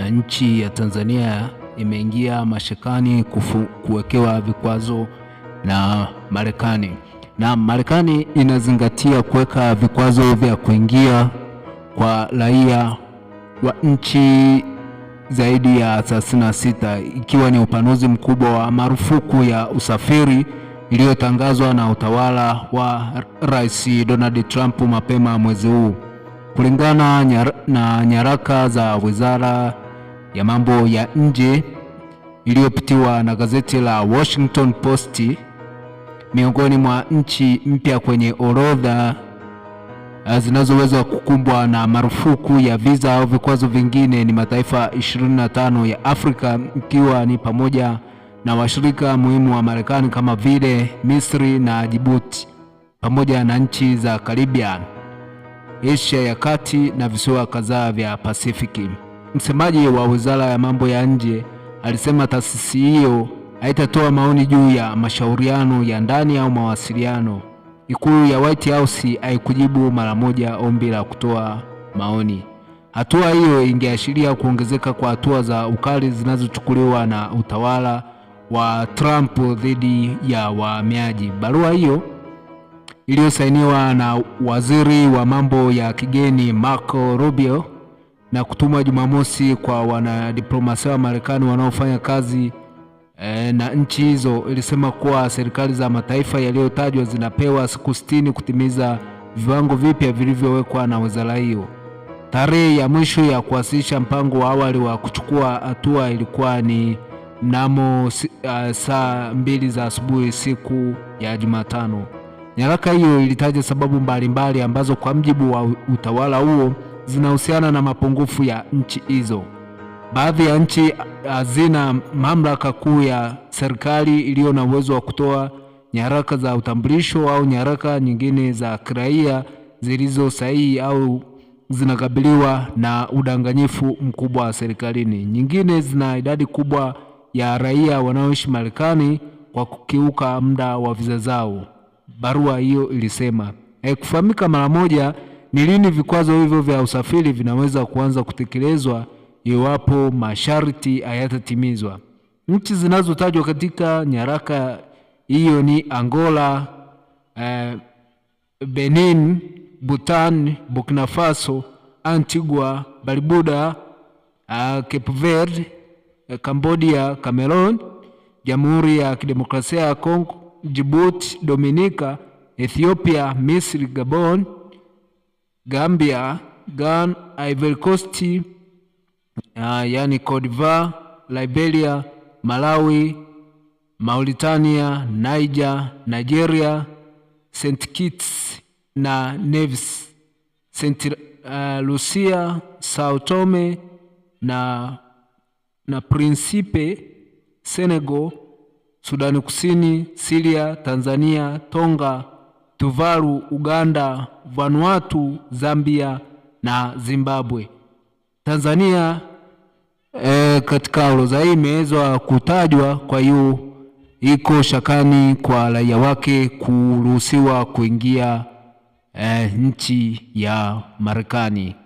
Eh, nchi ya Tanzania imeingia mashakani kuwekewa vikwazo na Marekani, na Marekani inazingatia kuweka vikwazo vya kuingia kwa raia wa nchi zaidi ya 36 ikiwa ni upanuzi mkubwa wa marufuku ya usafiri iliyotangazwa na utawala wa Rais Donald Trump mapema mwezi huu. Kulingana na nyaraka za Wizara ya mambo ya nje iliyopitiwa na gazeti la Washington Post miongoni mwa nchi mpya kwenye orodha eh, zinazoweza kukumbwa na marufuku ya visa au vikwazo vingine ni mataifa 25 ya Afrika ikiwa ni pamoja na washirika muhimu wa Marekani kama vile Misri na Djibouti pamoja na nchi za Caribbean, Asia ya Kati na visiwa kadhaa vya Pasifiki. Msemaji wa Wizara ya Mambo ya Nje alisema taasisi hiyo haitatoa maoni juu ya mashauriano ya ndani au mawasiliano. Ikulu ya White House haikujibu mara moja ombi la kutoa maoni. Hatua hiyo ingeashiria kuongezeka kwa hatua za ukali zinazochukuliwa na utawala wa Trump dhidi ya wahamiaji. Barua hiyo iliyosainiwa na Waziri wa Mambo ya Kigeni Marco Rubio na kutuma Jumamosi kwa wanadiplomasia wa Marekani wanaofanya kazi e, na nchi hizo. Ilisema kuwa serikali za mataifa yaliyotajwa zinapewa siku 60 kutimiza viwango vipya vilivyowekwa na wizara hiyo. Tarehe ya mwisho ya kuwasilisha mpango wa awali wa kuchukua hatua ilikuwa ni mnamo uh, saa mbili za asubuhi siku ya Jumatano. Nyaraka hiyo ilitaja sababu mbalimbali mbali ambazo kwa mjibu wa utawala huo zinahusiana na mapungufu ya nchi hizo. Baadhi ya nchi hazina mamlaka kuu ya serikali iliyo na uwezo wa kutoa nyaraka za utambulisho au nyaraka nyingine za kiraia zilizo sahihi au zinakabiliwa na udanganyifu mkubwa wa serikalini. Nyingine zina idadi kubwa ya raia wanaoishi Marekani kwa kukiuka muda wa viza zao, barua hiyo ilisema. Haikufahamika mara moja ni lini vikwazo hivyo vya usafiri vinaweza kuanza kutekelezwa iwapo masharti hayatatimizwa? Nchi zinazotajwa katika nyaraka hiyo ni Angola, eh, Benin, Bhutan, Burkina Faso, Antigua, Barbuda, eh, Cape Verde, eh, Cambodia, Cameroon, Jamhuri ya Kidemokrasia ya Kongo, Djibouti, Dominica, Ethiopia, Misri, Gabon Gambia, Ghana, Ivory Coast, uh, yani Cote d'Ivoire, Liberia, Malawi, Mauritania, Niger, Nigeria, St. Kitts na Nevis, St. uh, ah, Lucia, Sao Tome na, na Principe, Senegal, Sudani Kusini, Syria, Tanzania, Tonga Tuvalu, Uganda, Vanuatu, Zambia na Zimbabwe. Tanzania e, katika orodha hii imeweza kutajwa, kwa hiyo iko shakani kwa raia wake kuruhusiwa kuingia e, nchi ya Marekani.